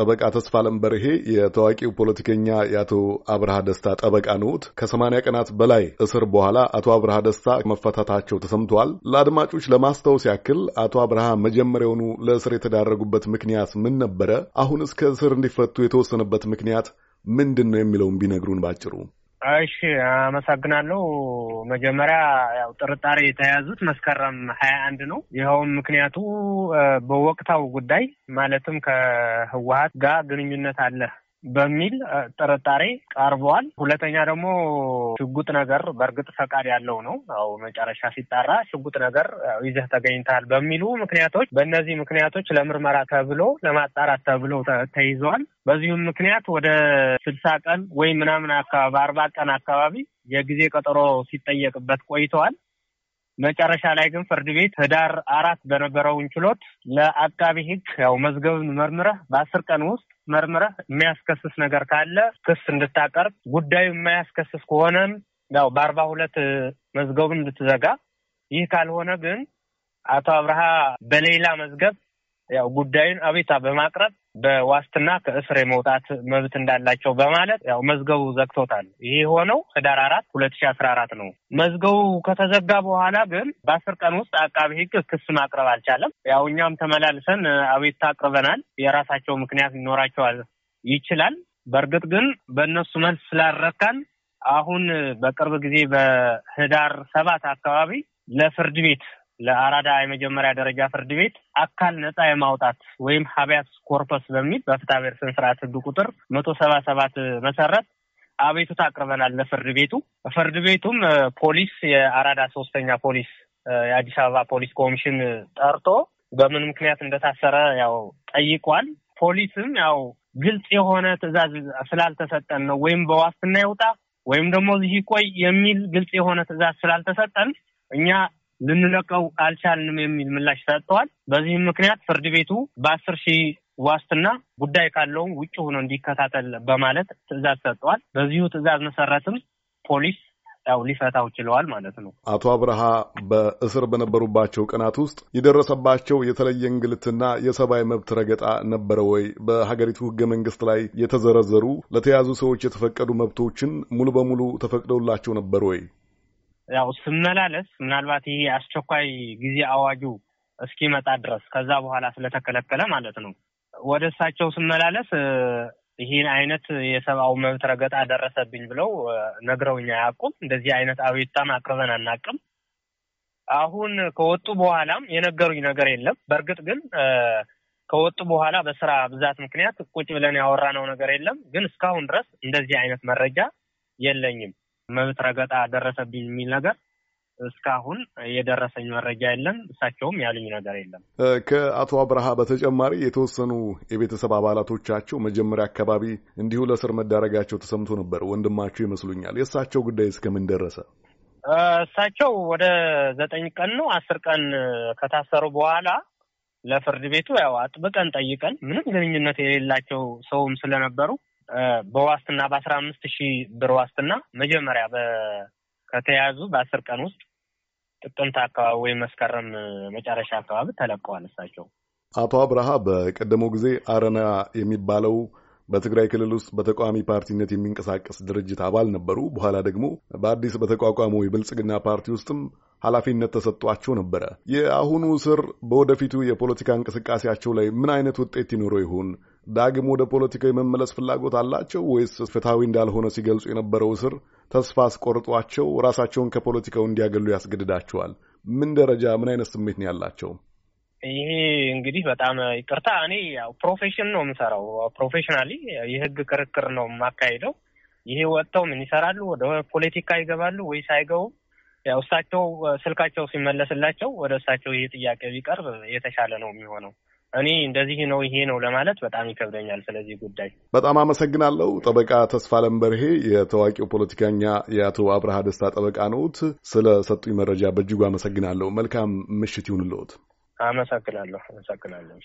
ጠበቃ ተስፋለም በርሄ የታዋቂው ፖለቲከኛ የአቶ አብርሃ ደስታ ጠበቃ ነዎት። ከሰማንያ ቀናት በላይ እስር በኋላ አቶ አብርሃ ደስታ መፈታታቸው ተሰምተዋል። ለአድማጮች ለማስታወስ ያክል አቶ አብርሃ መጀመሪያውኑ ለእስር የተዳረጉበት ምክንያት ምን ነበረ? አሁን እስከ እስር እንዲፈቱ የተወሰነበት ምክንያት ምንድን ነው የሚለውን ቢነግሩን ባጭሩ። እሺ አመሰግናለሁ። መጀመሪያ ያው ጥርጣሬ የተያዙት መስከረም ሀያ አንድ ነው። ይኸውም ምክንያቱ በወቅታዊ ጉዳይ ማለትም ከህወሀት ጋር ግንኙነት አለ በሚል ጥርጣሬ ቀርቧል። ሁለተኛ ደግሞ ሽጉጥ ነገር በእርግጥ ፈቃድ ያለው ነው። ያው መጨረሻ ሲጣራ ሽጉጥ ነገር ይዘህ ተገኝተሃል በሚሉ ምክንያቶች፣ በእነዚህ ምክንያቶች ለምርመራ ተብሎ ለማጣራት ተብሎ ተይዘዋል። በዚሁም ምክንያት ወደ ስልሳ ቀን ወይ ምናምን አካባቢ በአርባ ቀን አካባቢ የጊዜ ቀጠሮ ሲጠየቅበት ቆይተዋል። መጨረሻ ላይ ግን ፍርድ ቤት ህዳር አራት በነበረውን ችሎት ለአቃቢ ህግ ያው መዝገብን መርምረህ በአስር ቀን ውስጥ መርምረህ የሚያስከስስ ነገር ካለ ክስ እንድታቀርብ ጉዳዩ የማያስከስስ ከሆነም ያው በአርባ ሁለት መዝገቡን እንድትዘጋ ይህ ካልሆነ ግን አቶ አብርሃ በሌላ መዝገብ ያው ጉዳዩን አቤታ በማቅረብ በዋስትና ከእስር የመውጣት መብት እንዳላቸው በማለት ያው መዝገቡ ዘግቶታል። ይሄ የሆነው ህዳር አራት ሁለት ሺ አስራ አራት ነው። መዝገቡ ከተዘጋ በኋላ ግን በአስር ቀን ውስጥ አቃቢ ህግ ክስ ማቅረብ አልቻለም። ያው እኛም ተመላልሰን አቤታ አቅርበናል። የራሳቸው ምክንያት ሊኖራቸዋል ይችላል። በእርግጥ ግን በእነሱ መልስ ስላልረካን አሁን በቅርብ ጊዜ በህዳር ሰባት አካባቢ ለፍርድ ቤት ለአራዳ የመጀመሪያ ደረጃ ፍርድ ቤት አካል ነጻ የማውጣት ወይም ሀቢያስ ኮርፐስ በሚል በፍትሐ ስነ ስርዓት ህግ ቁጥር መቶ ሰባ ሰባት መሰረት አቤቱታ አቅርበናል ለፍርድ ቤቱ። ፍርድ ቤቱም ፖሊስ የአራዳ ሶስተኛ ፖሊስ የአዲስ አበባ ፖሊስ ኮሚሽን ጠርቶ በምን ምክንያት እንደታሰረ ያው ጠይቋል። ፖሊስም ያው ግልጽ የሆነ ትዕዛዝ ስላልተሰጠን ነው ወይም በዋስትና ይውጣ ወይም ደግሞ እዚህ ይቆይ የሚል ግልጽ የሆነ ትዕዛዝ ስላልተሰጠን እኛ ልንለቀው አልቻልንም የሚል ምላሽ ሰጥተዋል። በዚህም ምክንያት ፍርድ ቤቱ በአስር ሺህ ዋስትና ጉዳይ ካለውም ውጭ ሆኖ እንዲከታተል በማለት ትዕዛዝ ሰጥተዋል። በዚሁ ትዕዛዝ መሰረትም ፖሊስ ያው ሊፈታው ችለዋል ማለት ነው። አቶ አብርሃ በእስር በነበሩባቸው ቀናት ውስጥ የደረሰባቸው የተለየ እንግልትና የሰብአዊ መብት ረገጣ ነበረ ወይ? በሀገሪቱ ህገ መንግስት ላይ የተዘረዘሩ ለተያዙ ሰዎች የተፈቀዱ መብቶችን ሙሉ በሙሉ ተፈቅደውላቸው ነበር ወይ? ያው ስመላለስ ምናልባት ይሄ አስቸኳይ ጊዜ አዋጁ እስኪመጣ ድረስ ከዛ በኋላ ስለተከለከለ ማለት ነው። ወደ እሳቸው ስመላለስ ይህን አይነት የሰብአዊ መብት ረገጣ ደረሰብኝ ብለው ነግረውኝ አያውቁም። እንደዚህ አይነት አቤቱታም አቅርበን አናውቅም። አሁን ከወጡ በኋላም የነገሩኝ ነገር የለም። በእርግጥ ግን ከወጡ በኋላ በስራ ብዛት ምክንያት ቁጭ ብለን ያወራነው ነገር የለም። ግን እስካሁን ድረስ እንደዚህ አይነት መረጃ የለኝም። መብት ረገጣ ደረሰብኝ የሚል ነገር እስካሁን የደረሰኝ መረጃ የለም። እሳቸውም ያሉኝ ነገር የለም። ከአቶ አብርሃ በተጨማሪ የተወሰኑ የቤተሰብ አባላቶቻቸው መጀመሪያ አካባቢ እንዲሁ ለእስር መዳረጋቸው ተሰምቶ ነበር። ወንድማቸው ይመስሉኛል። የእሳቸው ጉዳይ እስከምን ደረሰ? እሳቸው ወደ ዘጠኝ ቀን ነው አስር ቀን ከታሰሩ በኋላ ለፍርድ ቤቱ ያው አጥብቀን ጠይቀን ምንም ግንኙነት የሌላቸው ሰውም ስለነበሩ በዋስትና በአስራ አምስት ሺህ ብር ዋስትና መጀመሪያ ከተያዙ በአስር ቀን ውስጥ ጥቅምት አካባቢ ወይም መስከረም መጨረሻ አካባቢ ተለቀዋል። እሳቸው አቶ አብርሃ በቀደመው ጊዜ አረና የሚባለው በትግራይ ክልል ውስጥ በተቃዋሚ ፓርቲነት የሚንቀሳቀስ ድርጅት አባል ነበሩ። በኋላ ደግሞ በአዲስ በተቋቋመው የብልጽግና ፓርቲ ውስጥም ኃላፊነት ተሰጥጧቸው ነበረ። የአሁኑ እስር በወደፊቱ የፖለቲካ እንቅስቃሴያቸው ላይ ምን አይነት ውጤት ይኖረው ይሆን? ዳግም ወደ ፖለቲካዊ የመመለስ ፍላጎት አላቸው ወይስ ፍትሐዊ እንዳልሆነ ሲገልጹ የነበረው እስር ተስፋ አስቆርጧቸው ራሳቸውን ከፖለቲካው እንዲያገሉ ያስገድዳቸዋል? ምን ደረጃ ምን አይነት ስሜት ነው ያላቸው? ይሄ እንግዲህ በጣም ይቅርታ፣ እኔ ያው ፕሮፌሽን ነው የምሰራው። ፕሮፌሽናሊ የህግ ክርክር ነው የማካሄደው። ይሄ ወጥተው ምን ይሰራሉ? ወደ ፖለቲካ ይገባሉ ወይስ አይገቡም? ያው እሳቸው ስልካቸው ሲመለስላቸው ወደ እሳቸው ይሄ ጥያቄ ቢቀርብ የተሻለ ነው የሚሆነው። እኔ እንደዚህ ነው ይሄ ነው ለማለት በጣም ይከብደኛል። ስለዚህ ጉዳይ በጣም አመሰግናለሁ። ጠበቃ ተስፋ በርሄ የታዋቂው ፖለቲከኛ የአቶ አብርሃ ደስታ ጠበቃ ነዎት። ስለ ሰጡኝ መረጃ በእጅጉ አመሰግናለሁ። መልካም ምሽት ይሁንልዎት። አመሰግናለሁ አመሰግናለሁ።